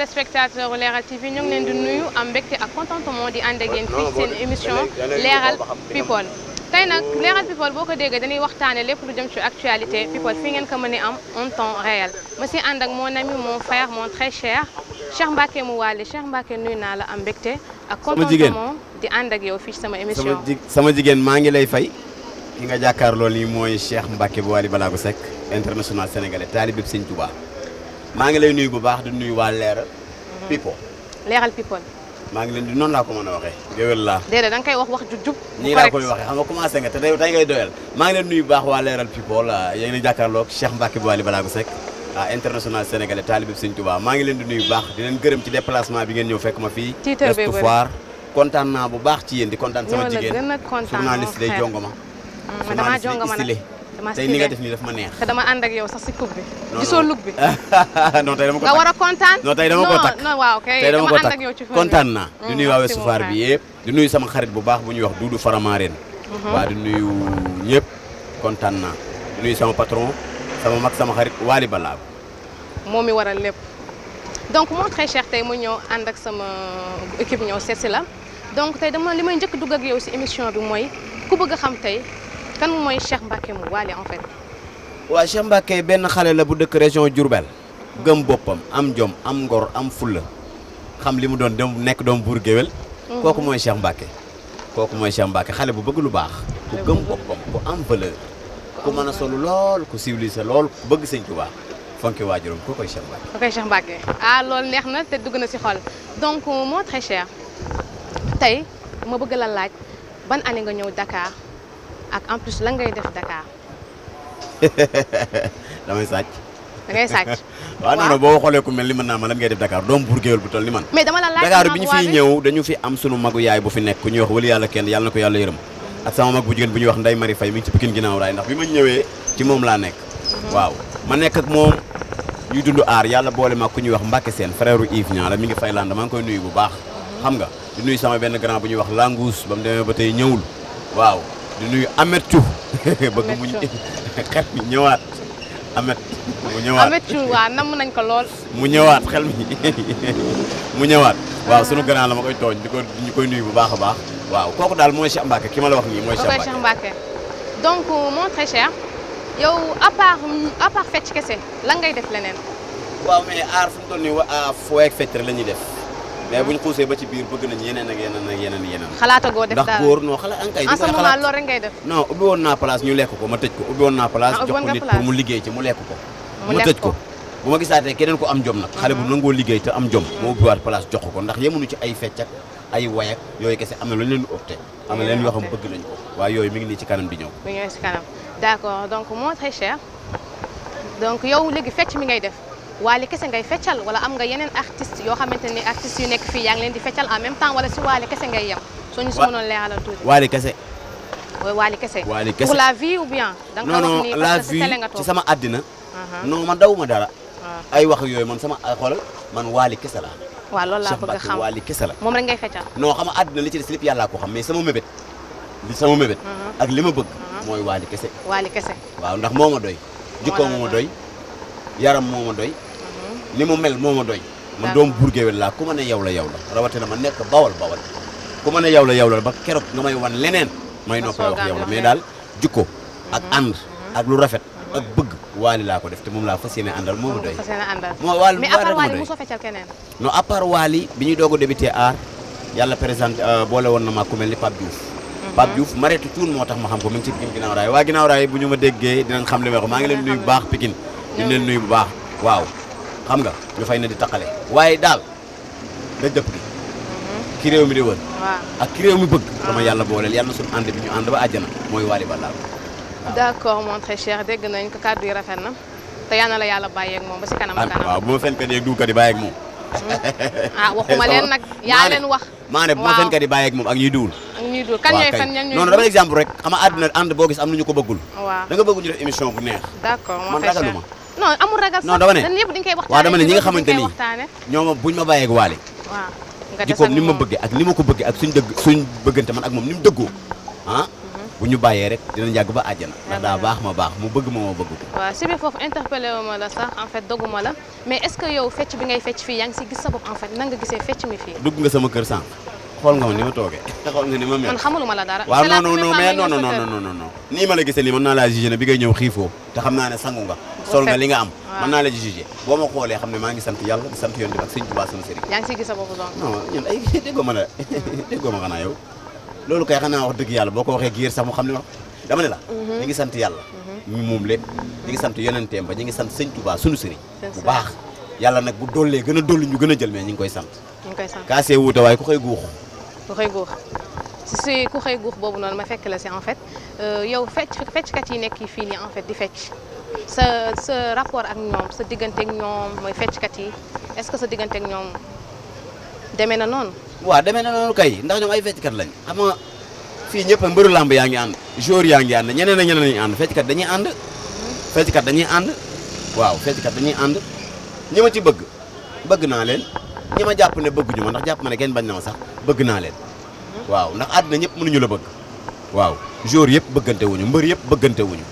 téléspectateurs Leral TV ñu ngi leen di nuyu am mbégte ak contentement di ànd ak yéen seen émission Leral People tey nag Leral People boo ko déggee dañuy waxtaane lépp lu jëm ci actualité people fii ngeen ko mënee am en temps réel ma si ànd ak mon ami mon frère mon très cher Cheikh Mbacke mu wàlli Cheikh Mbacke nuyu naa la am mbégte ak contentement di ànd ak yow fii ci sama émission sama jigéen maa ngi lay fay ki nga jàkkaarloo nii mooy Cheikh Mbacke bu wàlli Balago Seck international sénégalais taalib bépp Sëñ maa ngi lay nuyu bu baax di nuyu waa leeral. Mhm. people leeral people. maa ngi leen di noonu laa ko mën a waxee. géwél la déedéet da koy wax wax ju jub. nii laa koy waxee xam nga commencé nga te tey tey ngay doyal. maa ngi leen nuyu bu baax waa leeral people ah, yéen a jàkkaarloog Cheikh Mbacke Bouali Balago Seck ah international sénégalais taalibe Sëñ Touba maa ngi leen di nuyu bu baax di leen gërëm ci déplacement bi ngeen ñëw fekk ma fii. tiitar bee bëri kontaan naa bu baax ci yéen di kontaan sama jigéen journaliste day jongoma. Mm, man damaa jongoma nag tey ma neex. te dama ànd ak yow sax si coupe bi. gisoo lug bi. non tey dama ko takk nga war a kontaan. non tey dama ko takk kontaan naa. Mm, di nuyu waa bi yëpp. di nuyu sama xarit bu baax bu ñuy wax Doudou Faramareen. Mm-hmm. waa di nuyu ñëpp kontaan naa. di nuyu sama patron sama mag sama xarit Waly Balaab. moo mi waral lépp. donc mon très tey mu ñëw ànd ak sama équipe ñëw seet si la donc tey dama li may njëkk dugg ak yow si bi mooy ku bëgg a xam tey kan mooy Cheikh Mbacké mu Wally en fait. waa Cheikh Mbacké benn xale la bu dëkk région Diourbel gëm boppam am jom am ngor am fulla xam li mu doon dem nekk doom buur géwél mhm. kooku mooy Cheikh Mbacké kooku mooy Cheikh Mbacké xale bu bëgg lu baax ku gëm boppam ku am valeur ku mën a solu lool ku civilisé lool ku bëgg sëñ Tuubaa fonki waajuram koo koy Cheikh Mbacké. ah loolu neex na te dugg na ci xol donc moo très cher tey ma bëgg la laaj ban année nga ñëw Dakar ak en plus lan ngay def Dakar. damay sàcc. da ngay boo xoolee ku mel ni mën naa ma lan ngay def Dakar doom buur géwél bu toll ni man. mais dama la laaj Dakar bi ñu fiy ñëw dañu fi am sunu magu yaay bu fi nekk ku ñuy wax wala yàlla kenn yàlla na ko yàlla yërëm ak sama mag bu jigéen bu ñuy wax Ndeye Marie Faye mi ngi ci Pikine ginnaaw raay ndax bi ma ñëwee ci moom laa nek mhm. waaw ma nekk ak moom ñuy dund aar yàlla boole ma ku ñuy wax Mbacke seen frère Yves Niang la mi ngi Finlande maa ngi koy nuyu bu baax mhm. xam nga di benn grand bu ñuy wax Langous ba mu ba tey ñëwul waaw di nuyu Amet Thiou. bëgg mu ñëwaat Amet. mu ñëwaat Amet Thiou waaw namm nañ ko lool. mu ñëwaat xel mi mu ñëwaat. waaw sunu grand la ma koy tooñ di ko koy nuyu bu baax a baax. waaw kooku daal mooy si Mbacke ki ma la wax nii mooy. Cheikh Mbacke donc mon très yow à fecc kese lan ngay def leneen. waaw mais aar fu mu toll nii foo ak fecc rek la ñuy def. mais buñ xuusee ba ci biir bëgg nañ yeneen ak yeneen ak yeneen yeneen xalaatagoo def ndax góor non xalaat ankay en ce moment ngay def non ubbi woon naa place ñu lekk ko ma tëj ko ubbi woon naa place ah, jox ko nit mu liggéey ci mu lekk ko ma tëj ko bu ma gisaatee keneen ko am jom nag xale bu mm-hmm. nangoo liggéey te am jom moo ubbiwaat place jox ko ndax yemuñu ci ay fecc ak ay wayak yooyu kese am na lu leen opté am na leen yoo xam bëgg nañ waaye yooyu mi ngi nii ci kanam di ñëw mi ngi donc mon très cher donc yow ngay def waale kese ngay feccal wala am nga yeneen artiste yoo xamante ne artistes yu nekk fii yaa ngi leen di feccal en même temps wala si waale kese ngay yem. soo ñu si mënoon leeralal waale kese. mooy waale kese. waale kese la vie ou da nga wax ni parce que télé toog non non la vie ci sama àddina. Uh-huh. non man dawuma dara. Uh-huh. ay wax yooyu man sama xoolal man waale kese la waaw loolu laa bëgg waali kese la moom rek ngay feccal non xam nga li ci des lépp yàllaa ko xam mais sama mébét sama mébét uh-huh. ak li ma bëgg mooy waali kese waali kese waaw ndax moo ma doy jikko moo ma doy yaram moo ma doy ni mu mel moo ma doy man doom buur géwél laa ku ma ne yow la yow la rawatina ma nekk bawal bawal ku ma yow la yow la ba keroog nga may wan leneen may noppee wax yow la mais daal jukko mhm. ak ànd mhm. ak lu rafet ak bëgg waali laa ko def te moom laa fas yéene àndal moo ma doy moo waali mais à part waali mosoo feccal keneen non à part waali bi ñuy doog a débuté aar yàlla présenté euh, boole woon na ma ku mel ni Pape Diouf mhm. Pape Diouf mareetu tuun moo tax ma xam ko mi ngi ci Pikine ginnaaw raay waa ginnaaw raay bu ñu ma déggee dinañ xam li may wax bu baax Pikine ñu bu baax waaw xam nga ñu fay na di taqale waaye daal da dëpp gi mhm. ki réew mi di wër ak ki réew bëgg ah. dama yàlla booleel yàlla suñu ànd bi ñu ànd ba àjjana mooy waali ba laal d'accord mon nañ ko kàddu yi rafet na te yàlla la yàlla moom ba si kanam kanam waaw bu ma fenkat yeeg duukat yi moom mhm. ah waxuma leen nag yaa leen wax maa ne bu ma moom ak ñuy duul ak ñuy duul kan exemple rek xam nga na ànd boo gis am na ñu ko bëggul waaw da nga bëgg bu neex man ragaluma non amul ragal non dama ne waaw dama ne ñi nga xamante ni ñoom buñ ma bàyyeeg waale jikkoom ni ma bëggee ak ni ma ko bëggee ak suñ dëgg suñ bëggante man ak moom ni mu dëggoo ah mhm. bu ñu bàyyee rek dinañ yàgg ba àjjana ndax daa baax ma baax mu bëgg ma ma bëgg ko waaw si biir foofu interpellé la sax en fait doguma la mais est-ce yow fecc bi ngay fecc fii yaa ngi si gis sa bopp en fait nan gisee fecc mi fii dugg nga sama kër sànq xool nga ma ni ma toogee xool nga ni ma mel. man xamaluma la dara. waaw non non non mais non non non non non. nii naa laa jugé ne bi ngay ñëw xam ne am. naa la jugé boo ma xoolee xam ne maa ngi sant yàlla di sant yoon bi ak sëñ Tuubaa sama ma la hmm. déggoo yow loolu kay xanaa wax dëgg yàlla boo ko waxee giir sax mu xam ne ma dama ne la. Mhm. sant yàlla. Mhm. ñu moom lépp ngi sant yonenteem ba ñu ngi sant sëñ Tuubaa sunu sëriñ bu baax yàlla nag bu dollee gën a dolli ñu gën a jël mais ñu ngi koy sant. ñu ngi koy sant kaasee waaye ku koy guux ku xëy guux si boobu noonu ma fekk la si en fait euh, yow fecc fecckat yi nekk fii ni en fait di fecc sa sa rapport ak ñoom sa digganteek ak ñoom mooy fecckat yi est-ce que sa diggante ñoom demee na noonu. waa demee na noonu kay ndax ñoom ay fecckat lañ xam fii ñëpp mbëru làmb yaa ngi ànd jour yaa ngi ànd ñeneen ak ñeneen lañuy ànd fecckat dañuy ànd. fecckat dañuy ànd waaw fecckat dañuy ànd ñi ma ci bëgg bëgg naa leen. ñi ma jàpp ne bëgguñu ma ndax jàpp ma ne kenn bañ na ma sax bëgg naa leen waaw ndax àddina ñëpp ñu la bëgg waaw joueur yëpp bëggante wuñu mbër yëpp bëggante wuñu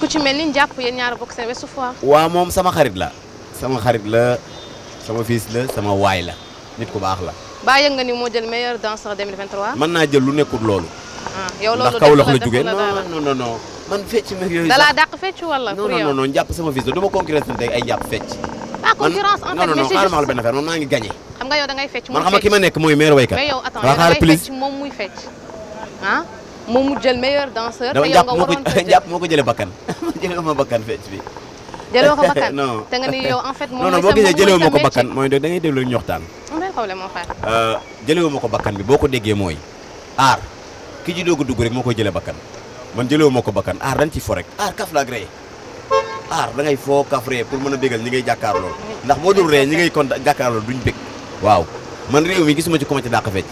ku ci mel ni jàpp yéen ñaar bokk seen wesu fois waa moom sama xarit la sama xarit la sama fils la sama waay la nit ku baax la baa yëg nga ni moo jël meilleur danseur 2023 mën naa jël lu nekkul loolu ah, yow loolu ndax kaw la la non noonu non man fecc meeg yooyu jàpp sama fils la du ma concurrence tey ay jàpp fecc pas concurrence en fait non non xaaral ma wax la benn affaire man maa ngi gagné. xam nga yow da ngay fecc muy fecc man xam nga ki ma nekk mooy meilleur waykat. waaw xaaral plus moom muy fecc ah moom mu jël meilleur danseur. te yow nga waroon ko jàpp moo ko jëlee bakkan jëlee ma bakkan fecc bi. jëloo ko bakkan non te nga ni yow en fait. moom mooy sa non non boo gisee jëlee ma ko bakkan mooy da ngay déglu ñu waxtaan. amul problème moo faat. Euh, jëlee ma ko bakkan bi boo ko déggee mooy aar ki ci doog a dugg rek moo koy jëlee bakkan man jëlee ma ko bakkan aar dañ ci fo rek aar kaf la agréé aar da ngay foo kaf ree pour mën a bégal ñi ngay jàkkaarloo ndax boo dul ree ñi ngay kon jàkkaarloo duñ bég waaw man réew mi gisuma ci commencé dàq fecc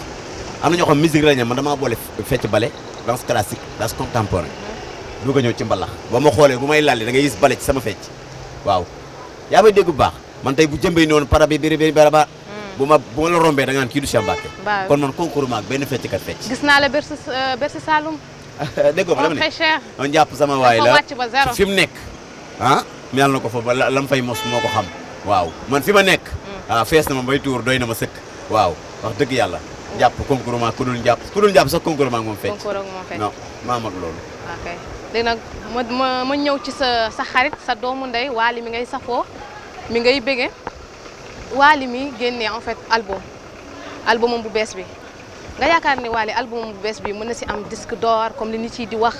am na ñoo xam musique lañu man damaa boole fecc bale danse classique danse contemporain du ko ñëw ci la ba ma xoolee bu may lalli da ngay gis bale ci sama fecc waaw yaa may dégg bu baax man tey bu jëmbee noonu para bi biri baraba hmm. bu ma bu ma la rombee da nga naan kii du Cheikh Mbacké kon man concours maag benn fecckat fecc gis naa la Bercy euh, Bercy Saloum déggoo sama waay la fi mu nekk ah yàlla na ko fa ba lam fay mos moo ko xam waaw man fi ma nekk waaw mm. ah, fees na ma bay tuur doy na ma sëkk waaw wax dëgg yàlla jàpp concours ma ku jàpp ku jàpp sax concours ma moom fecc non maa mag loolu léegi nag ma ma ñëw ci sa sa xarit sa doomu ndey Wally mi ngay safoo mi ngay bëgge Wally mi génnee en fait album albumam bu bees bi nga yaakaar ni Wally albumam bu bees bi mën na si am disque d'or comme li nit yi di wax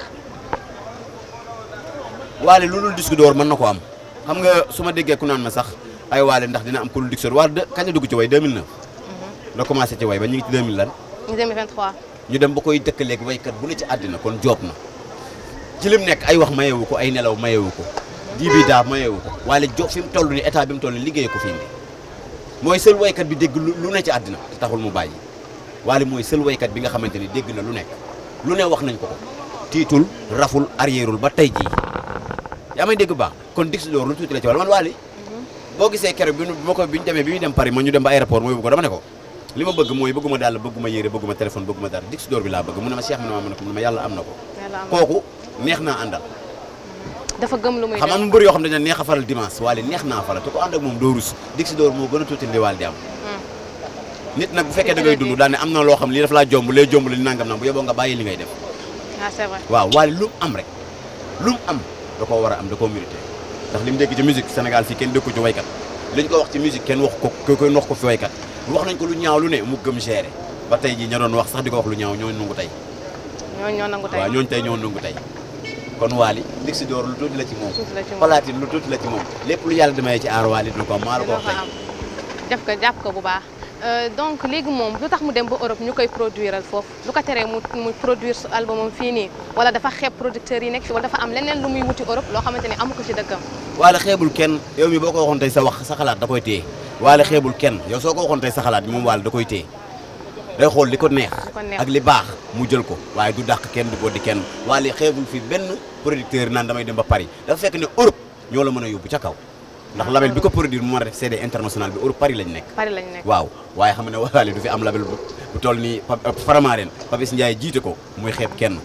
waale lu dul disque d'or mën na ko am xam nga su ma déggee ku naan ma sax ay waale ndax dina am ku dul disque d'or waar de kañ la dugg ci way 2009 mhm. la commencé ci way ba ñu ngi ci 2000 lan 2023 ñu dem ba koy dëkkaleeg waykat bu ne ci àddina kon joob na ci lim nekk ay wax mayewu ko ay nelaw mayewu ko dibi daa mayewu ko waale joob fi mu toll ni état bi mu toll ni liggéey ko fi mooy seul waykat bi dégg lu ne ci àddina te taxul mu bàyyi waale mooy seul waykat bi nga xamante ni dégg na lu nekk lu ne wax nañ ko ko raful arrièreul ba tey jii yaa may dégg baax kon Dix Lô lu tuuti la ci wàll man Wally boo gisee keroog bi ma ko bi ñu demee bi ñu dem Paris ma ñu dem ba aéroport ma yóbbu ko dama ne ko li ma bëgg mooy bëgguma dàll bëgguma yére bëgguma téléphone bëgguma dara Dix Lô bi laa bëgg ma Cheikh mu ma mu ma na ko kooku neex dafa gëm lu muy xam am mbër yoo xam ne neex a faral dimanche Wally neex naa faral te ko ànd ak moom doo rus Dix Lô moo gën a tuuti li Wally di am hmm. nit nag bu fekkee da ngay dund daal ne am na loo xam lii daf laa jomb lee jomb li nangam na bu yeboo nga bàyyi li ngay def ah, waaw da ko war a am da koo mérité ndax li mu dégg ci musique Sénégal fii kenn dëkku ci waykat li ko wax ci musique kenn wax ko kenn wax ko fi waykat wax nañ ko lu ñaaw lu ne mu gëm géré ba tey ji ña doon wax sax di ko wax lu ñaaw ñoo nangu tey ñooñu ñoo nangu tey waaw ñooñu tey ñoo nangu tey kon Waly lig si door lu tuuti la ci moom Palatine lu tuuti la ci lépp lu yàlla damay ci aar Waly dina ko am maa la ko wax tey def ko jàpp ko bu baax Euh, donc léegi moom lu tax mu dem ba Europe ñu koy produiral foofu lu ko teree mu mu produire su albumam fii nii wala dafa xeeb producteurs yi nekk fi wala dafa am leneen lu muy wuti Europe loo xamante ni amu ko ci dëkkam. waale xeebul kenn yow mi boo ko waxoon tey sa wax sa xalaat da koy téye waale xeebul kenn yow soo ko waxoon sa xalaat moom waale da koy téye day xool li ko neex. ak li baax mu jël ko waaye du dàq kenn du ko di kenn waale xeebul fi benn producteur naan damay dem ba Paris dafa fekk ne Europe ñoo la mën a yóbbu ca kaw. ndax label bi ko produire mu bi Europe Paris lañ nekk. Paris lañ nekk waaw. waaye xam ne wasaare du fi am label bu toll nii Faramaren Papis Ndiaye jiite ko muy xeeb kenn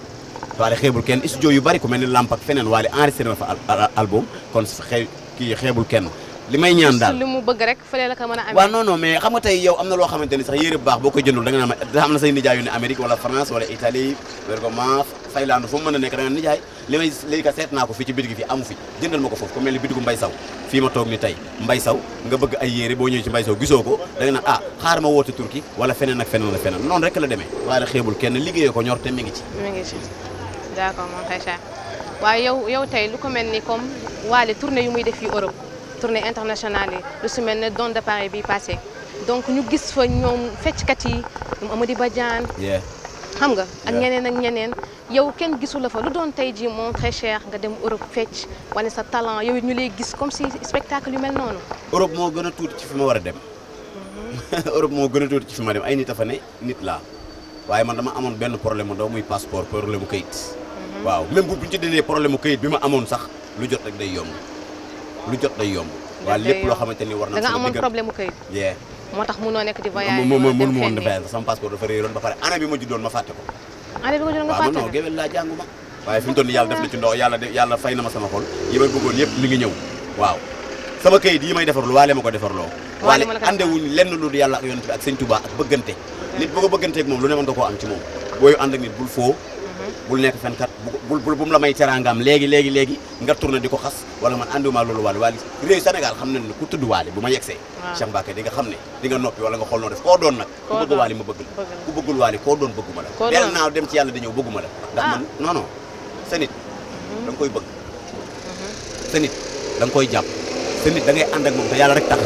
waale xeebul kenn studio yu bari ku mel ni Lamp feneen waale enregistré na fa album kon xee kii xeebul kenn li may ñaan daal li mu bëgg rek fële la ko mën a amee waaw non non mais xam nga tey yow am na loo xamante sax yére bu baax boo koy jëndul da nga naan am na say nijaay yu ne Amérique wala France wala Italie wér faylaanu fu mu mën a nekk da nga nijaay li may léegi ko fii ci bitig fi amu fi jëndal ma ko foofu ku mel ni bitigu mbay saw fii ma toog ni tey mbay saw nga bëgg ay yére boo ñëwee ci mbay saw gisoo ko da nga naan ah xaar ma woote turki wala feneen ak feneen la feneen noonu rek la demee waaye xeebul kenn liggéeyee ko ñor te mi ngi ci mi ngi ci d'accord moom xëy waaye yow yow tey lu ko mel ni comme waale tournée yu muy def yi Europe tournée internationale yi lu su mel ne don de Paris bi passé donc ñu gis fa ñoom fecckat yi ñoom Amady Badiane xam nga ak ñeneen ak ñeneen yow kenn gisu la fa lu doon tey ji moom très cher nga dem Europe fecc wane sa talent yow ñu lay gis comme si spectacle yu mel noonu. Europe moo gën a tuuti ci fi ma war a dem. Mhm. Europe moo gën a tuuti ci fi ma dem ay nit a fa ne nit laa waaye man dama amoon benn problème mu doo muy passeport problème mu kayit. Mhm. waaw même bu ñu ci dindee problème mu kayit bi ma amoon sax lu jot rek day yomb lu jot day yomb. waaw lépp loo xamante ni war na. da nga amoon problème mu kayit. moo tax mënoo nekk di voyage. mënuma mënuma woon di voyage sama passeport dafa réeroon ba pare année bi ma juddoon ma fàtte ko. année bi ma juddoon nga fàtte ko waaw non géwél laa jàngu fay na ma sama xol yi may bëggoon yëpp mi ngi ñëw waaw sama kayit yi may defarlu waale ma ko defarloo waale àndewuñ lenn lu yàlla ak yonent bi ak sëñ Tuubaa ak bëggante nit boo ko bëgganteeg moom lu ne mën nga koo am ci moom booyu ànd nit bul foo bul nekk fenkat bul bul bu mu la may teraangaam léegi léegi léegi nga tourné di ko xas wala man andiwumaa loolu waale waale réew Sénégal xam nañ ne ku tudd waale bu ma yegsee Cheikh Mbacké di nga xam ne di nga noppi wala nga xool noo def koo doon nag ku bëgg waale ma bëgg ku bëggul waale koo doon bëgguma la del naa dem ci yàlla di ñëw bëgguma la ah. ndax man non non sa mm-hmm. koy bëgg mm-hmm. sa nit da nga koy jàpp sa nit da ngay ànd ak moom yàlla rek tax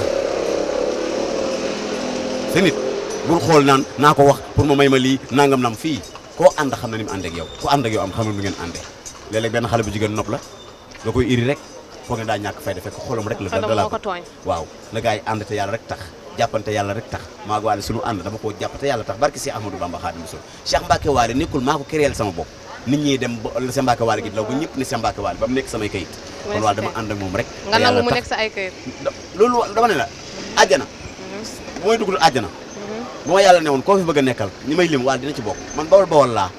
sa nit xool naan naa ko wax pour ma may ma lii nangam nam fii koo ànd xam na ni mu ànd ak yow ku ànd ak yow am xamul nu ngeen àndee léeg benn xale bu jigéen nopp la da koy iri rek foog ne daa ñàkk fayda fekk xolam rek la dala waaw na gaa yi ànd te yàlla rek tax jàppante yàlla rek tax maa waale sunu ànd dama koo jàppante yàlla tax barki si Ahmadou Bamba Xaadim Rasul Cheikh Mbacke Waale nekkul maa ko créel sama bopp nit ñi dem ba sa Mbacke Waale gi law ba ñëpp ne sa Mbacke Waale ba mu nekk samay kayit kon waaw dama ànd ak moom rek nga nangu mu nekk sa ay kayit loolu dama ne la àjjana mooy mhm. dugg bu ma yàlla newoon koo fi bëgg a nekkal ñi may lim waa dina ci bokk man bawol bawol laa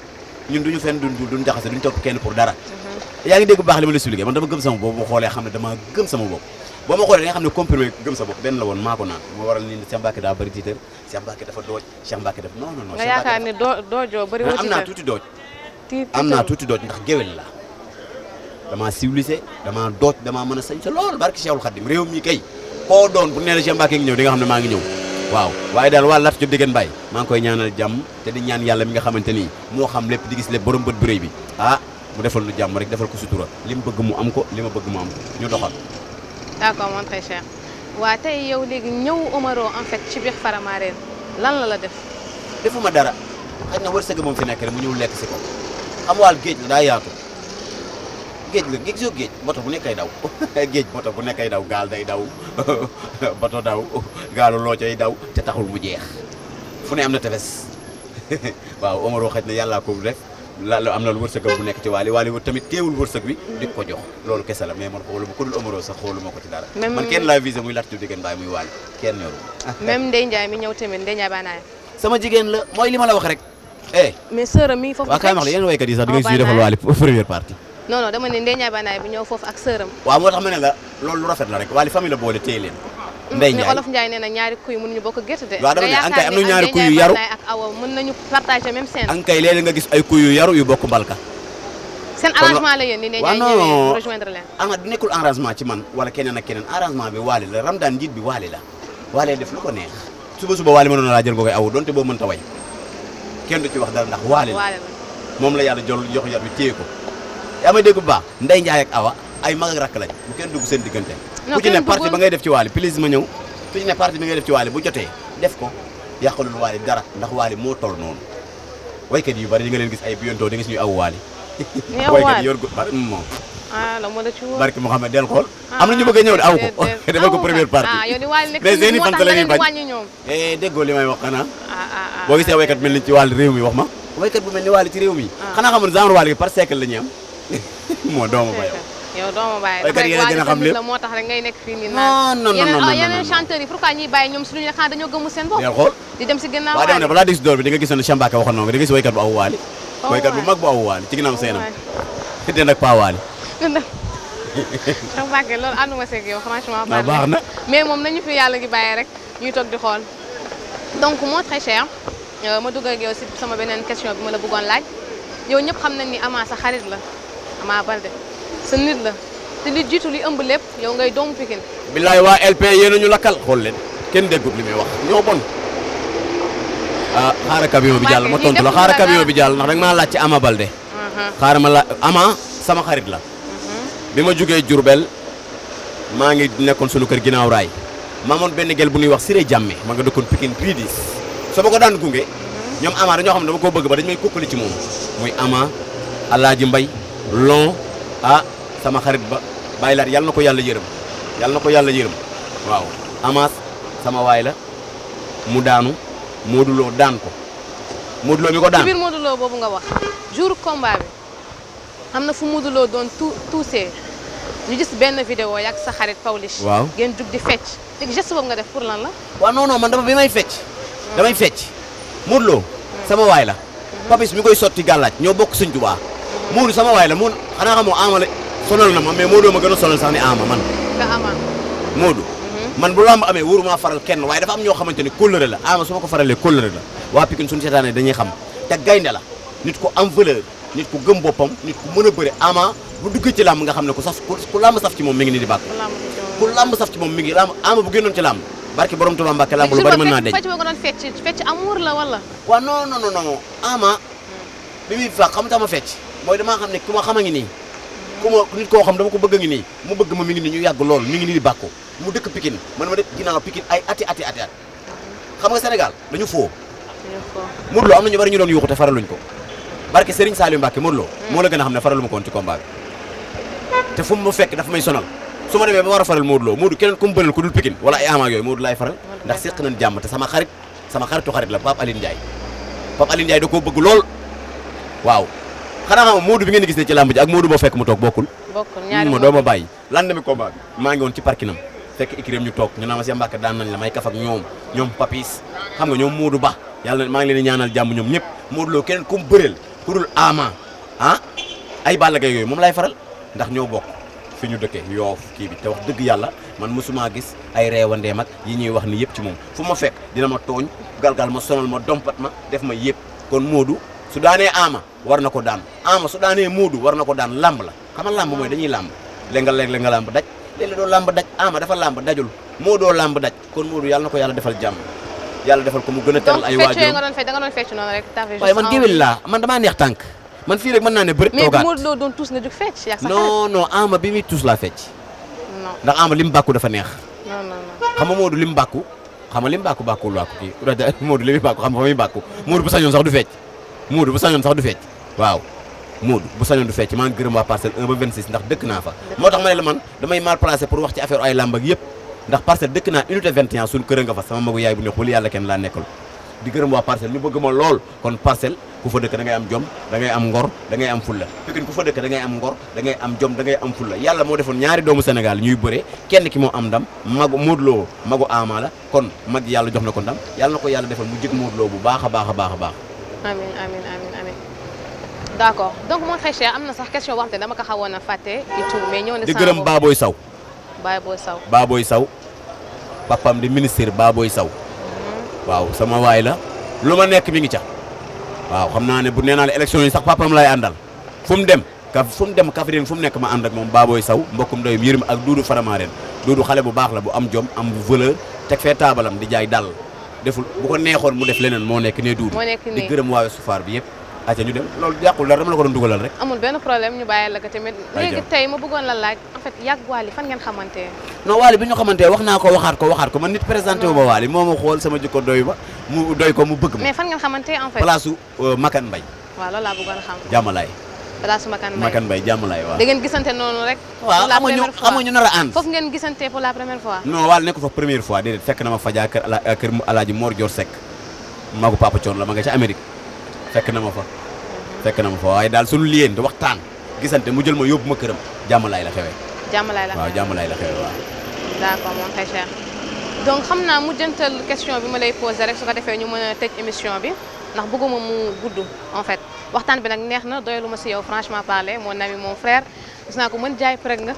ñun duñu fenn duñ duñ jaxase duñ topp kenn pour dara mhm. yaa ngi dégg bu baax li la expliqué dama gëm xam ne dama gëm sama bopp boo ma xoolee nga xam ne comprimé gëm sa bopp benn la woon maa ko naan dafa dooj Cheikh Mbacke dafa non non non am naa tuuti dooj am naa tuuti dooj ndax géwél la damaa civilisé damaa dooj damaa mën a sañ sa lool barki Cheikhul Khadim réew mi kay doon bu nee la Cheikh Mbacke ngi ñëw di xam ne maa ngi ñëw waaw waaye daal waa Lat Diop Degen Baye maa ngi koy ñaanal jàmm te di ñaan yàlla mi nga xamante ni moo xam lépp di gis lépp borom bët bu rëy bi ah mu defal lu jàmm rek defal ko sutura li mu bëgg mu am ko li ma bëgg mu am ko ñu doxal. d'accord mon très cher waa tey yow léegi ñëw Omaro en ci biir Faramareen lan la la def. defuma dara xëy na wërsëg moom fi nekk rek mu ñëw lekk si ko xam waal géej la daa yaatu géej la géej soo géej bato bu nekkay daw géej bato bu nekkay daw gaal day daw bato daw gaalu loo cay daw te taxul mu jeex fu ne am na tefes waaw Omaro xaj na yàllaa ko def la am na lu wërsëg bu nekk ci waali waali tamit teewul wërsëg bi di ko jox loolu kese la mais man xooluma ko dul Omaro sax xooluma ko ci dara man kenn laa visé muy laajte jigéen mbaay muy waali kenn ñoru même Ndeye Ndiaye mi ñëw sama jigéen la mooy li ma la wax rek eh mais sœur mi foofu waa kaay wax la yéen waykat yi sax da non non dama ne Ndeye Ndiaye Banaya bi ñëw foofu ak sëram waa moo tax ma ne la loolu lu rafet la rek wala famille la boole téye leen mm, Ndeye Ndiaye olof Ndiaye nee na ñaari kuy mënuñu bokk gerte de waaw dama ne ankay ak awa mën nañu nga gis ay kuy yu yu bokk mbalka seen arrangement la yéen ni Ndeye Ndiaye ñëwee rejoindre ci man wala keneen ak keneen arrangement bi waali la Ramdan njiit bi waali la waali def lu ko neex suba suba waali mënoon laa jël donte boo mën ta way kenn du ci wax dara ndax waali la moom la yàlla jol jox yar bi téye ko yaa may dégg bu baax Ndeye Ndiaye ak Awa ay mag ak rakk lañ bu seen diggante ku ci ne parti ba ngay def ci waali please ma ñëw ku ci ne bu jotee def ko yàqalul waali dara ndax waali moo toll noonu waykat yu bari di nga leen gis ay biyantoo di nga si ñuy aw waali waykat yor gu mm, moom ah la ma la ci woo barke ah, am na ñu bëgg ñëw de aw ko defal ko première partie. ah yow di waay nekk nii moo tax nga leen di eh, may wax xanaa. Ah, ah, boo gisee waykat mel ci wàllu réew mi wax ma. waykat bu mel ni wàllu ci réew mi. xanaa xam nga genre wàll bi par siècle la ñuy moo doomu ba yow. yow doomu baay baykat yi yéen a a xam lépp la moo tax rek ngay nekk fii nii naan non non oh, non yeneen chanteurs yi pourquoi ñuy bàyyi ñoom suñu xanaa dañoo gëmu seen bopp. xool di dem si ginnaaw waaye waaw balaa gis door bi di nga gis ne Chambaka waxoon na ko di nga gis woykat bu oh, awu oh, ah, na mais moom nañu fi yàlla gi bàyyi rek ñuy toog di xool donc moo très cher euh, ma dugg yow si sama beneen question bi ma la bëggoon laaj yow ñëpp xam nañ ni Ama sa xarit la Ama Baldé sa la te li jiitu li ëmb lépp yow ngay doomu Pikine. billaay waa LP yéen ñu lakkal xool leen kenn déggut li muy wax ñoo bon. ah xaara camion bi jàll ma tontu la bi jàll ndax danga maa laaj ci Ama Baldé. Uh-huh. xaara ma la Ama sama xarit la. Uh-huh. bi ma jugee Diourbel maa ngi nekkoon sunu kër ginnaaw raay maamoon benn gel bu ñuy wax Siré Jàmme ma nga dëkkoon Pikine bii soo ma ko daan gunge. ñoom Ama dañoo xam ne dama koo bëgg ba dañ may kukkali ci moom muy Ama Alaaji Mbay lon ah sama xarit ba bàyyi laat yàlla na ko yàlla jërëm yàlla na ko yàlla yërëm waaw Amaas sama waay la mu daanu Modou Lo daan ko Modou Lo mi ko daan. ci biir Modou Lo boobu nga wax jour combat bi na fu Modou doon tu tuusee ñu gis benn vidéo yàgg sa xarit Pawlish. waaw ngeen jug di fecc léegi geste boobu nga def pour lan la. waaw non non man dama bi may fecc. damay fecc Modou Lo sama waay la. Mm-hmm. Papis mi koy sotti gàllaaj ñoo bokk Sëñ Tuubaa. Moodu sama waay la Moodu xanaa xamoo Ama la sonal ma mais Moodu ma gën a sonal sax ni Ama man. nga Ama. Moodu. Mhm. man bu lamb amee wóoru maa faral kenn waaye dafa am ñoo xamante ne kóllëre la Ama su ma ko faralee kóllëre la waa Pikine suñu seetaanee dañuy xam te gaynde la nit ku am valeur nit ku gëm boppam nit ku mën a bëri Ama bu duggee ci làmb nga xam ne ku saf ku làmb saf ci moom mi ngi nii di bàq. ku làmb saf ci moom mi ngi làmb Ama bu génnoon ci làmb barki borom Tuubaa Mbàkke làmb lu bari mën naa deñ fecc nga doon mooy damaa xam ne ku ma xam a ngi nii ku ma nit koo xam dama ko bëgg a ngi nii mu bëgg ma mi ngi nii ñu yàgg lool mi ngi nii di bàkku mu dëkk Pikine man ma dëkk ginnaaw Pikine ay ati ati ati at xam nga Sénégal dañu foo Modou Lo am na ñu bari ñu doon yuuxu te faraluñ ko barke Serigne Saliou Mbacké Modou Lo moo la gën a xam ne faralu ma ko woon ci combat bi te fu mu fekk dafa may sonal su war a faral Modou Lo Modou keneen ku mu bënal ku dul Pikine wala ay amaak yooyu Modou laay faral ndax séq nañ jàmm te sama xarit sama xaritu xarit la Pape Aline Ndiaye Pape Aline Ndiaye da koo bëgg lool waaw xanaa xam nga bi ngeen gis ne ci làmb ak ak Modou boo fekk mu toog bokkul. bokkul ñaari ma doo ma bàyyi. lan demee combat bi maa ngi woon ci parkinam fekk écurie ñu toog ñu naan ma si Mbàkke daan nañ la may kaf ñoom ñoom Papis xam nga ñoom Modou Ba yàlla maa ngi leen di ñaanal jàmm ñoom ñëpp moo Lo keneen ku mu bëreel ku dul ama ah ay Balla Gaye yooyu moom lay faral ndax ñoo bokk fi ñu dëkkee yoof kii bi te wax dëgg yàlla man mosumaa gis ay reewandeem mag yi ñuy wax ni yëpp ci moom fu ma fekk dina ma tooñ galgal ma sonal ma dompat ma def ma yëpp kon Modou su daanee ama war na ko daan ama su daanee muudu war na ko daan làmb la xam nga làmb mooy dañuy làmb léeg-léeg léeg-léeg nga làmb daj léeg-léeg doo làmb daj ama dafa làmb dajul moo doo làmb daj kon muudu yàlla na ko yàlla defal jàmm yàlla defal ko mu gën a teral ay waajur donc nga doon fecc da nga doon fecc noonu rek waaye man géwél laa man damaa neex tànk man fii rek mën naa ne bëri toogaat mais Modou Lo doon tuus na jug fecc yaa non non ama bi muy tuus laa fecc ndax ama li mu bàkku dafa neex xam nga Modou li mu bàkku xam nga li mu bàkku bàkku laa ko kii Modou li mu bàkku xam nga fa muy bàkku Modou bu sañoon sax du fecc Moodu bu sañoon sax du fecc waaw Moodu bu sañoon du fecc maa ngi gërëm waa parcelle 1 ba 26 ndax dëkk naa fa moo tax ma ne la man damay mal placé pour wax ci affaire ay làmb ak ndax parcelle dëkk naa unité 21 suñu kër sama magu yaay bu ne xul yàlla kenn laa nekkal di gërëm waa ñu bëgg ma lool kon parcelle ku fa dëkk am jom da ngay am ngor da ngay am fulla Pikine ku fa dëkk da ngay am ngor da ngay am jom da am fulla yàlla moo defoon ñaari doomu Sénégal ñuy bëre kenn ki moo am kon mag yàlla jox na ko ndam yàlla na ko yàlla defal mu jig bu baax a a baax a amiin amiin amiin amiin d' accord donc mon très am na sax question boo te dama ko na fàtte et tout mais ñëw na di gërëm Baboy Saw Baboy Saw Saw papam di ministre Baboy Saw mhm. waaw sama waay la lu ma nekk mi ngi ca waaw xam naa ne bu nee naa la yi sax papam lay àndal fu mu dem ka mu dem Kaffrine fu mu nekk ma ànd ak moom Baboy Saw mbokkum doyum yërëm ak Duudu Farama ren Duudu xale bu baax la bu am jom am bu valeur teg fee taabalam di jaay dal deful bu ko neexoon mu def leneen moo nekk ne duud di gërëm waawe sufaar bi yëpp aca ñu dem loolu yàqul dara dama la ko doon dugalal rek amul benn problème ñu bàyyi la a tamit léegi tey ma bëggoon la laaj en fait yàgg Wally fan ngeen xamante non Wally bi ñu xamante wax naa ko waxaat ko waxaat ko ma nit présenté wu ma moo ma xool sama jikko doy ma mu doy ko mu bëgg ma mais fan ngeen xamante en fait place euh, Makan Mbaye waaw loolu laa bëggoon xam jàmmalaay place Makan Mbaye Makan Mbaye jàmm laay waaw. da ngeen gisante noonu rek. waaw xamuñu xamuñu nar a ànd. foofu ngeen gisante pour la première fois. non waaw nekk fa première fois déedéet fekk na ma fajaa kër ala euh, kër Alaaji Mor Dior Seck maa ko Papa la ma Amérique fekk na ma fa. fekk na ma fa waaye daal su suñu liyeen waxtaan gisante mu jël ma yóbbu ma këram jàmm laay la xewee. jàmm laay la la xewee waaw. d'accord mon très cher. donc xam naa mu jëntal question bi ma lay poser rek su ko defee ñu mën a tëj émission bi ndax bëgguma mu gudd en waxtaan bi nag neex na doyalu ma si yow franchement parler mon ami mon frère gis naa ko mën jaay preg nga.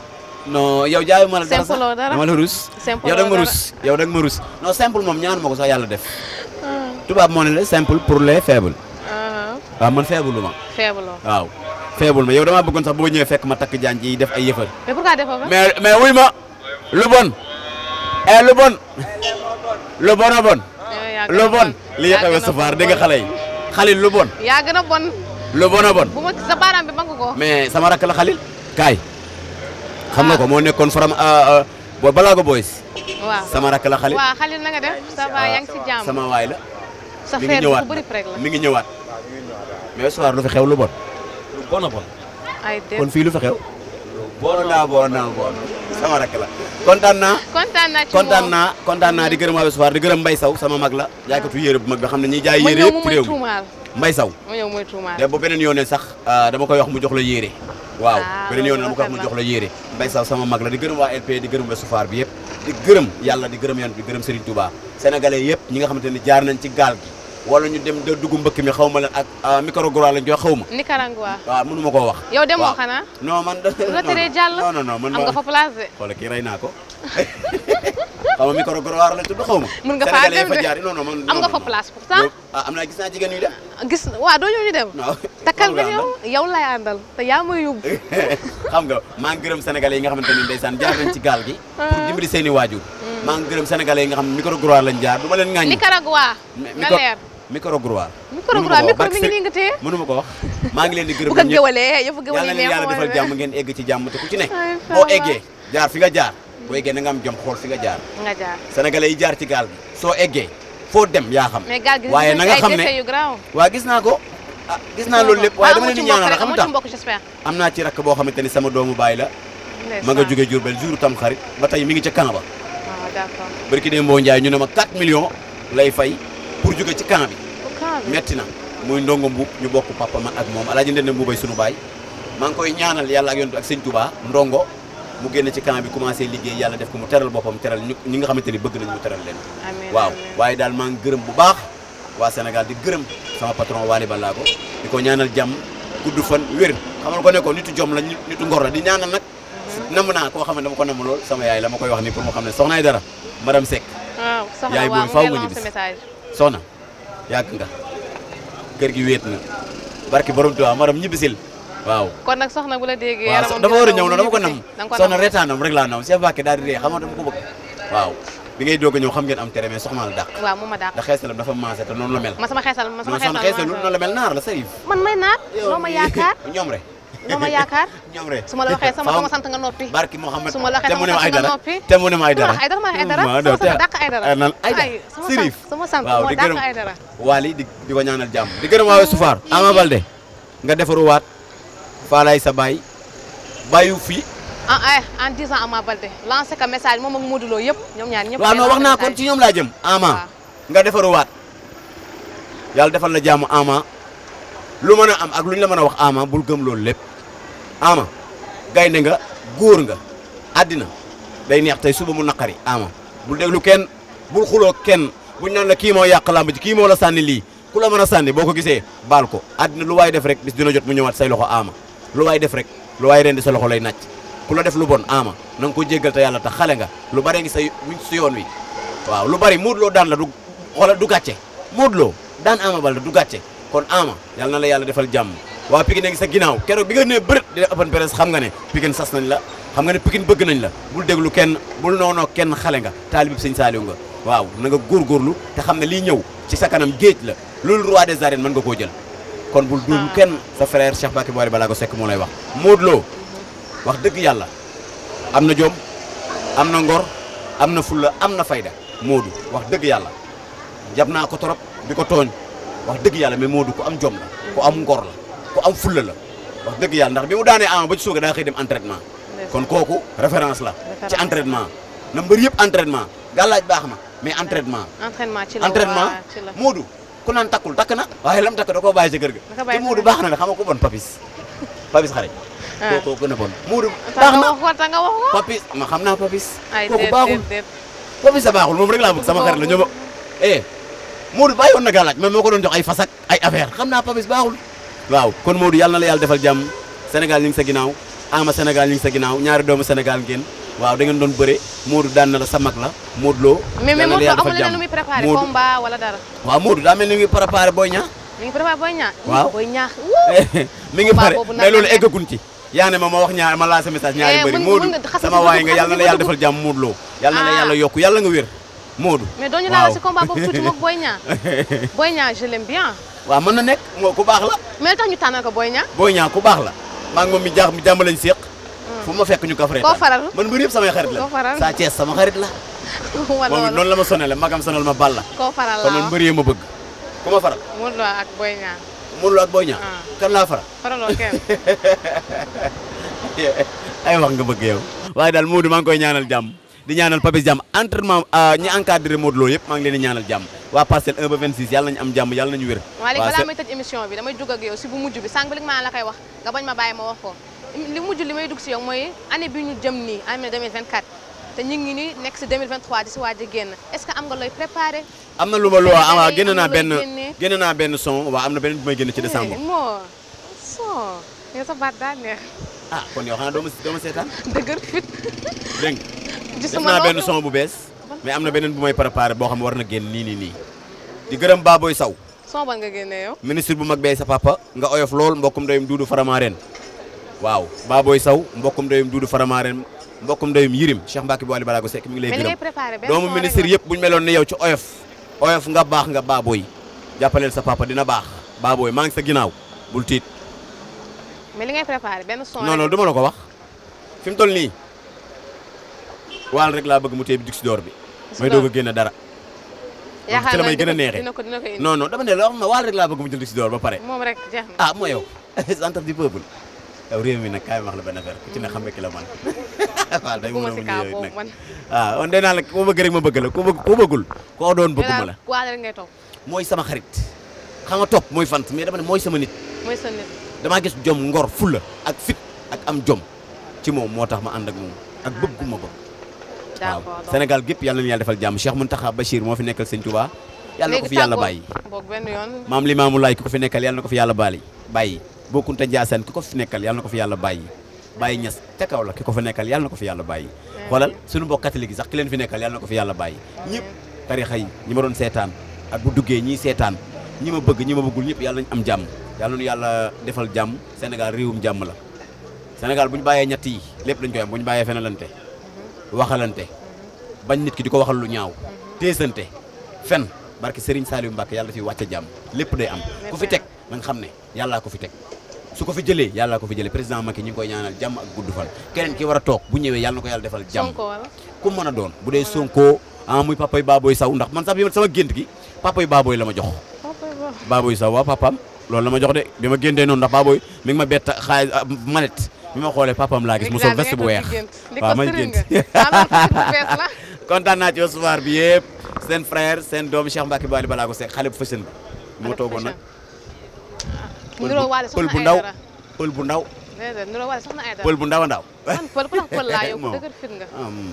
non yow jaayu ma la dara simple dara dama la rus. simple yow da nga ma rus yow simple moom ñaanu ma ko sax yàlla def. Ah. tubaab moo ne la simple pour les faibles. Ah. waaw man faible ma. faible waaw. faible ma yow damaa bëggoon sax boo ñëwee fekk ma takk jaan jiy def ay yëfal. mais kaa defoo ko. mais mais wuy ma. lu bon. eh lu bon. lu bon eh, lu bon li yëpp weesu faar dégg nga xale yi. xalil lu bon. yaa bon. lu bon bon. bu ma sa baaraam bi mangu ko. mais sama rakk la xalil. kaay. xam nga ko ah. moo nekkoon faram ah, ah, booy Balago Boys. waaw sama rakk la xalil. waaw xalil nga def ça ngi si jàmm. sama waay la. sa feer lu fi xew lu bon. kon fii lu fi xew. bon naa bon naa bon. sama rakk la kontaan naa. kontaan kontaan naa kontaan naa di gërëm waa Oussefane di gërëm mbay saw sama mag la jaaykatu ah. yére bu mag bi xam ne ñuy jaay yére yëpp ci ma ñëw mooy tuumaal te bu beneen yoonee sax ah, dama ko wax mu jox la yére ah, waaw beneen yoon dama koy wax mu jox la yére Mbaye Sow sama mag la di gërëm waa LP di gërëm Oussefane bi yëpp di gërëm yàlla di gërëm yonent bi gërëm Serigne Touba sénégalais yëpp ñi nga xamante ne jaar nañ ci gaal gi wala ñu dem da dugg mbëkk mi xaw ma leen ak ah, Nicaragua lañ koy xaw ma. waaw mënu koo wax. yow demoo xanaa. non man de. rey naa ko xaw ma Nicaragua la tudd xaw ma. mën nga faa ah, gis naa jigéen ñuy dem. gis waaw doo yow yow lay xam nga maa ngi gërëm yi nga xamante ne ndeysaan jaar nañ ci gaal gi. Ah. seen i waajur. Hmm. maa yi nga xam ne Nicaragua lañ jaar du na leer micro grouloir. micro grouloir micro mi ngi nii mënu ma ko wax maa ngi leen di gërëm ñëpp yàlla leen yàlla defal jàmm ngeen egg ci jàmm te ku ci nekk oo eggee jaar fi nga jaar boo eggee am jom xool fi nga jaar nga jaar jaar ci gaal gi soo eggee foo dem yaa xam waaye na nga xam ne waa gis naa ko ah gis naa loolu lépp waaye dama leen di ñaanal xam tax am naa ci rakk boo xamante ni sama doomu baay la ma nga jóge Jurbel jour tam xarit ba tey mi ngi ca Kanaba ah, barki dem boo Njaay ñu ne ma 4 millions lay fay pour jóge ci camp bi metti na muy ndongo mbub ñu bokk papa man ak moom alaaji ndende mbubay sunu baay maa ngi koy ñaanal yàlla ak yontu ak sëñ Touba ndongo mu génn ci camp bi commencé liggéey yàlla def ko mu teral boppam teral ñi nga xamante ni bëgg nañ mu teral leen waaw waaye daal maa gërëm bu baax waa Sénégal di gërëm sama patron Waly Ballago di ko ñaanal jàmm gudd fan wér xamal ko ne ko nitu jom la nitu ngor la di ñaanal nag nam naa koo xam ne dama ko nam lool sama yaay la ma koy wax ni pour mu xam ne soxnaay dara madame Seck waaw yaay soxna yàgg nga kër gi wéet na barki borom Tuubaa maram ñibbisil waaw kon nag soxna bu la déggee yaramam dafa war a ñëw na dama ko nam soxna reetaanam rek laa nam Cheikh Mbacké daal di ree xam nga dama ko bëgg a ñëw tere mais soxna la dàq waaw ma dàq ndax xeesalam la mel ma sama xeesal la mel naar la Serif man may naar loo ma yaakaar ñoom rek moo su ma la waxee sama sama sant nga noppi su ma la waxee sama sant nga noppi te mu ne ma ay dara ay dara ma eh, ay sama sant dàq ay dara ay sirif sama sant moo dàq ay dara Wally di di ko ñaanal jàmm di gërëm waawe Soufar Ama Balde nga defaruwaat faalay sa baay bàyyu fii ah eh, en disant Ama Balde lancé ka message moom ak Modou yëpp ñoom ñaar ñëpp wax naa kon ci ñoom laa jëm Ama nga defaruwaat yàlla defal la jàmm Ama lu ma a am ak lu ñu la mën a wax Ama bul gëm loolu lépp ama gaynde nga góor nga àddina day neex tey suba mu naqari ama bu déglu kenn bul xuloo kenn buñ naan la kii moo yàq làmb ji kii moo la sànni lii ku la mën a sànni boo ko gisee baal ko àddina lu waay def rek bis dina jot mu ñëwaat say loxo aama lu waay def rek lu waay rendi sa loxo lay nàcc ku la def lu bon ama na nga ko jéggal te yàlla tax xale nga lu bare ngi say si yoon wi waaw lu bari Modou Lo daan la du du gàcce Modou Lo daan Ama Baldé du gàcce kon Ama yàlla la yàlla defal jàmm waa Pikine ngi sa ginnaaw keroog bi nga nee bërët di def open press xam nga ne Pikine sas nañ la xam nga ne Pikine bëgg nañ la bul déglu kenn bul noonoo kenn xale nga taalib sëñ Saaliw nga waaw na góor góorlu te xam ne lii ñëw ci sa kanam géej la loolu roi des arènes mën nga koo jël kon bul dóolu kenn sa frère Cheikh Bakary Boori balaa ko sekk moo lay wax Modou wax dëgg yàlla am na jom am na ngor am na fulla am na fayda Modou wax dëgg yàlla jab naa ko trop di ko tooñ wax dëgg yàlla mais Modou ku am jom la ku am la ku am fulla la wax dëgg yàlla ndax bi mu daanee ama ba ci suuga daa xëy dem entraînement kon kooku référence la ci entraînement na mbër yëpp entraînement gàllaaj baax na mais entraînement entraînement Modou ku naan takkul takk na waaye lam takk da koo bàyyi ci kër ga te Modou baax na ne xam nga ko bon papis papis xare ah. kooku gën a bon Modou baax na papis ma xam naa papis a baaxul moom rek laa la ñooma eh Modou bàyyi woon na gàllaaj moo ko don jox ay fasak ay affaire xam naa papis baaxul waaw kon Modou yàlla na la yàlla defal jàmm Sénégal ñu ngi sa ginnaaw Ama Sénégal ñu sa ginnaaw ñaari doomu Sénégal ngeen waaw da ngeen doon bëre Modou daan na la sa mag la Modou Lo. yàlla na yàlla defal jàmm mais mais Modou amul leneen lu muy préparé combat wala dara. waaw Modou daa waaw Boy Niang. mi ngi pare mais ci. yaa ne ma ma wax ñaar ma laa sa message ñaari eh, bëri Modou sama waay la yàlla defal jàmm Modou Lo ah. yàlla la yàlla yokk yàlla nga wér Modou. waaw mais ñu laal si combat boobu tuuti moog Boy Niang. Boy Niang je l'aime bien waaw mën na nekk moo ku baax la. mais tax ñu tànn ko Boy Niang. Boy Niang ku baax la maa mi jaax mi jàmm lañ séq. Hmm. fu ma fekk ñu ko fare. koo faral man mbir yëpp samay xarit la. koo faral Sa sama xarit la. wala moom noonu la ma sonal magam sonal ma balla. koo faral la kon man mbir ma bëgg. ku ma faral. Modou Lo ak Boy Niang. Modou Lo ak Boy Niang. Ah. kan laa faral. ay wax nga bëgg yow. waaye daal Modou maa ngi koy ñaanal jàmm di ñaanal Papis jàmm entraînement euh, ñi encadré Modou Lo yëpp maa ngi leen di ñaanal jàmm waa Parcelles 1 ba 26 yàlla nañu am jàmm yàlla nañu wér waaw léegi balaa may tëj émission bi damay dugg ak si bu mujj bi sànq bi li wax nga bañ ma bàyyi ma wax ko li mujj li may dugg si yow mooy année bi ñu jëm nii année 2024 te ñu ngi nii nekk si 2023 di si waaj génn est que am nga looy préparé am na lu ma lu ah, naa benn génn naa benn son waaw am na benn bu may génn ci décembre moo eh, son yow sa baat def naa benn son bu bees mais am na beneen bu may préparé boo xam ne na génn nii nii nii di gërëm Baboy Saw son ban nga génnee yow ministre bu mag bee sa papa nga oyof lool mbokkum ndeyum duudu faramaren waaw Baboy Saw mbokkum ndeyum duudu faramaren mbokkum ndeyum ngi lay gërëm doomu ministre yëpp buñu meloon ne yow ci oyof nga baax nga Baboy jàppaleel sa papa dina baax Baboy maa sa ginnaaw bul tiit mais du ma la ko wax fi mu nii waal rek laa bëgg mu téye bi dux d'or bi may doog a génn dara ci la may gën a neexee non non dama ne la wax na waal rek laa bëgg mu jël dux d'or pare moom rek jeex na ah moo réew mi nag kaay wax la benn affaire ku ci xam nga ki la man mm. waaw day mën a mu ñëw ah, naa la ku ma bëgg la ku bëgg ku bëggul koo doon bëgguma la waal ngay topp mooy sama xarit xam nga topp mooy fant mais dama ne mooy sama nit damaa gis jom ngor fulla ak fit ak am jom ci moom moo tax ma ànd ak moom ak bëgguma ko waaw Sénégal gépp yàlla na yàlla defal jàmm Cheikh Mountakha Bachir moo fi nekkal sëñ Touba yàlla na ko fi yàlla bàyyi maam Limaamu Laay ki ko fi nekkal yàlla ko fi yàlla bàyyi bàyyi Bokkunta Njaasaan ki ko fi nekkal yàlla na fi yàlla bàyyi bàyyi ñas ca kaw ko fi nekkal yàlla ko fi yàlla bàyyi xoolal suñu mbokk catholique sax leen fi nekkal yàlla ko fi yàlla bàyyi ñëpp tarixa yi ñi ma doon seetaan ak bu duggee ñiy seetaan ñi ma bëgg ñi ma bëggul yàlla nañ am jàmm yàlla yàlla defal jàmm Sénégal réewum jàmm la Sénégal bu ñu bàyyee ñett yi lépp lañ koy am bu ñu bàyyee fenalante waxalante bañ nit ki di ko waxal lu ñaaw téesante fen barke Serigne ba Mbacke yàlla dafay wàcce jàmm lépp day am ku fi teg na nga xam ne yàllaa ku fi teg su ko fi jëlee yàllaa ku fi jëlee président Macky ñu ngi koy ñaanal jàmm ak gudd fan keneen ki war a toog bu ñëwee yàlla na ko yàlla defal jàmm ku mën a doon bu dee Sonko ah muy papay Baboy Saw ndax man sax bi sama gént gi papay Baboy la ma jox Baboy Saw waaw papaam loolu la ma jox de ma bi ma xoolee papam laa gis mu sol bu weex waaw man gént kontaan naa ci soir bi yëpp seen frère seen doom Cheikh Mbacke Bali Balago Seck xale bu fashion bi moo toogoon nag ah, pël bu ndaw pël bu ndaw bu ndaw ndaw man ku la pël laa yow dëgër fit nga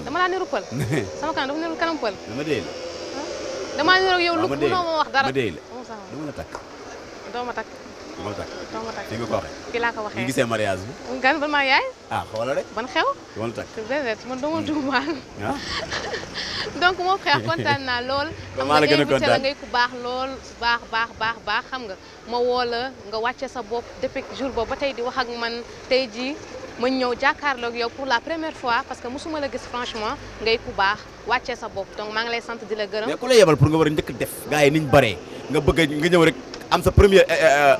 dama laa niru pël sama kanam dafa niru kanam pël dama dee ah? dama niru yow lu ma wax dara dama la du ma takk. du ma takk fii ko waxee. fii laa ko waxee gisee mariage bi. gan ban mariage. ah xoolal rek. ban xew. du ma takk déedéet man dama duumaan. Ah. donc moom frère kontaan naa lool. maa la a kontaan xam nga ngay ku baax lool baax baax baax baax xam nga ma woo nga wàcce sa bopp depuis jour boobu ba tey di wax ak man tey jii. ma ñëw jàkkaarloog yow pour la première fois parce que musuma la gis franchement ngay ku baax wàccee sa bopp donc maa ngi lay sant di la gërëm. mais ku la yebal pour nga war a njëkk def. gars yi ni ñu baree nga bëgg ñëw rek am sa première. Euh, euh,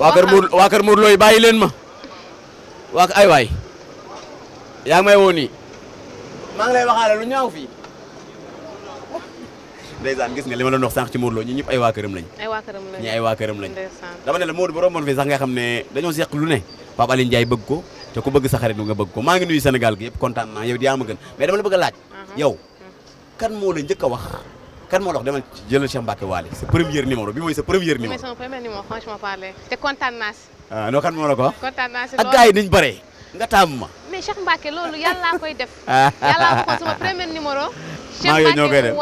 waa kër Mour waa kër Mour looy bàyyi leen ma ay waay yaa ngi may woo nii. maa ngi lay waxaale lu ñaaw fii. ndeysaan gis nga li ma doon wax sànq ci Mour Lo ñi ñëpp ay waa këram lañ. ay waa këram lañ ñi ay waa këram lañ. dama ne la Modou bu romboon fii sax nga xam ne dañoo seq lu ne Pape Alioune Ndiaye bëgg ko te ku bëgg sa xarit nga bëgg ko maa ngi nuyu Sénégal gi yëpp kontaan naa yow yaa ma gën mais dama la bëgg laaj. Uh-huh. yow kan moo la njëkk a wax. kan moo la wax demal jëlal Cheikh Mbacke sa premier numéro bi mooy sa premier numéro. mooy sama premier numéro franchement parler te naa si. ah yi niñ bare nga taamu ma. mais Cheikh Mbacke loolu koy def. Ah. yàlla ko sama premier numéro. maa ngi ñoo koy def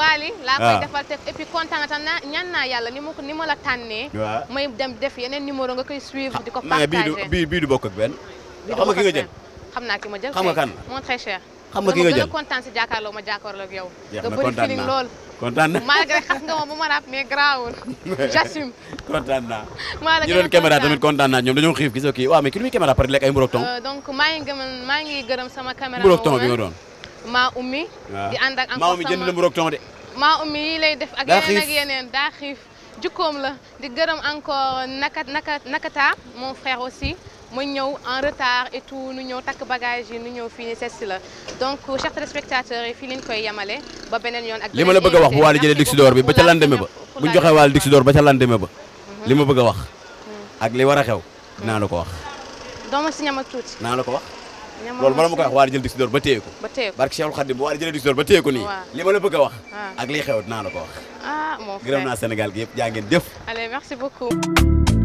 laa koy ah. defal te et puis tam naa naa yàlla ni ma ko ma la tànnee. waaw may dem def yeneen numéro nga koy suivre. di ko partagé ah, mais bii du bii du bokk ak benn. xam ki nga jël xam naa ki ma jël. xam nga kan xam nga ki nga jël dama gën a kontaan si jàkkaarloo ma jàkkaarloo ak yow. jeex na kontaan naa lool. kontaan naa malgré xas nga ma bu ma rap mais grawul j'assume. kontaan naa ñu doon caméra tamit kontaan naa ñoom dañoo xiif gisoo kii waaw mais ki lu muy caméra pare lekk ay mburoog ton. Euh, donc maa ngi gëm maa ngi gërëm sama caméra. ummi. di ànd encore sama maa ummi jënd la mburoog ton de. maa ummi yi lay def. ak yeneen ak daa xiif jukkoom la di gërëm encore naka mon frère aussi ma ñëw en retard et tout nu ñëw takk bagage yi nu ñëw fii ni seet la donc chers téléspectateurs yi fii lañ koy yemale ba beneen yoon ak li ma la bëgg wax bu Wally jëlee Dixi d'or bi ba ca lendeme ba buñ joxee Wally ba ca mhm. li ma bëgg a wax mhm. ak li war a xew dinaa la ko wax mhm. doo ma si ñama tuuti dinaa la ko wax loolu ma la ma koy wax Wally jël Dixi d'or ba téye ko ba téye ko barke Cheikhul Khadim li ma la bëgg wax ah. ak liy xew dinaa la ko wax ah mon frère gërëm naa Sénégal gi yëpp jaa ngeen jëf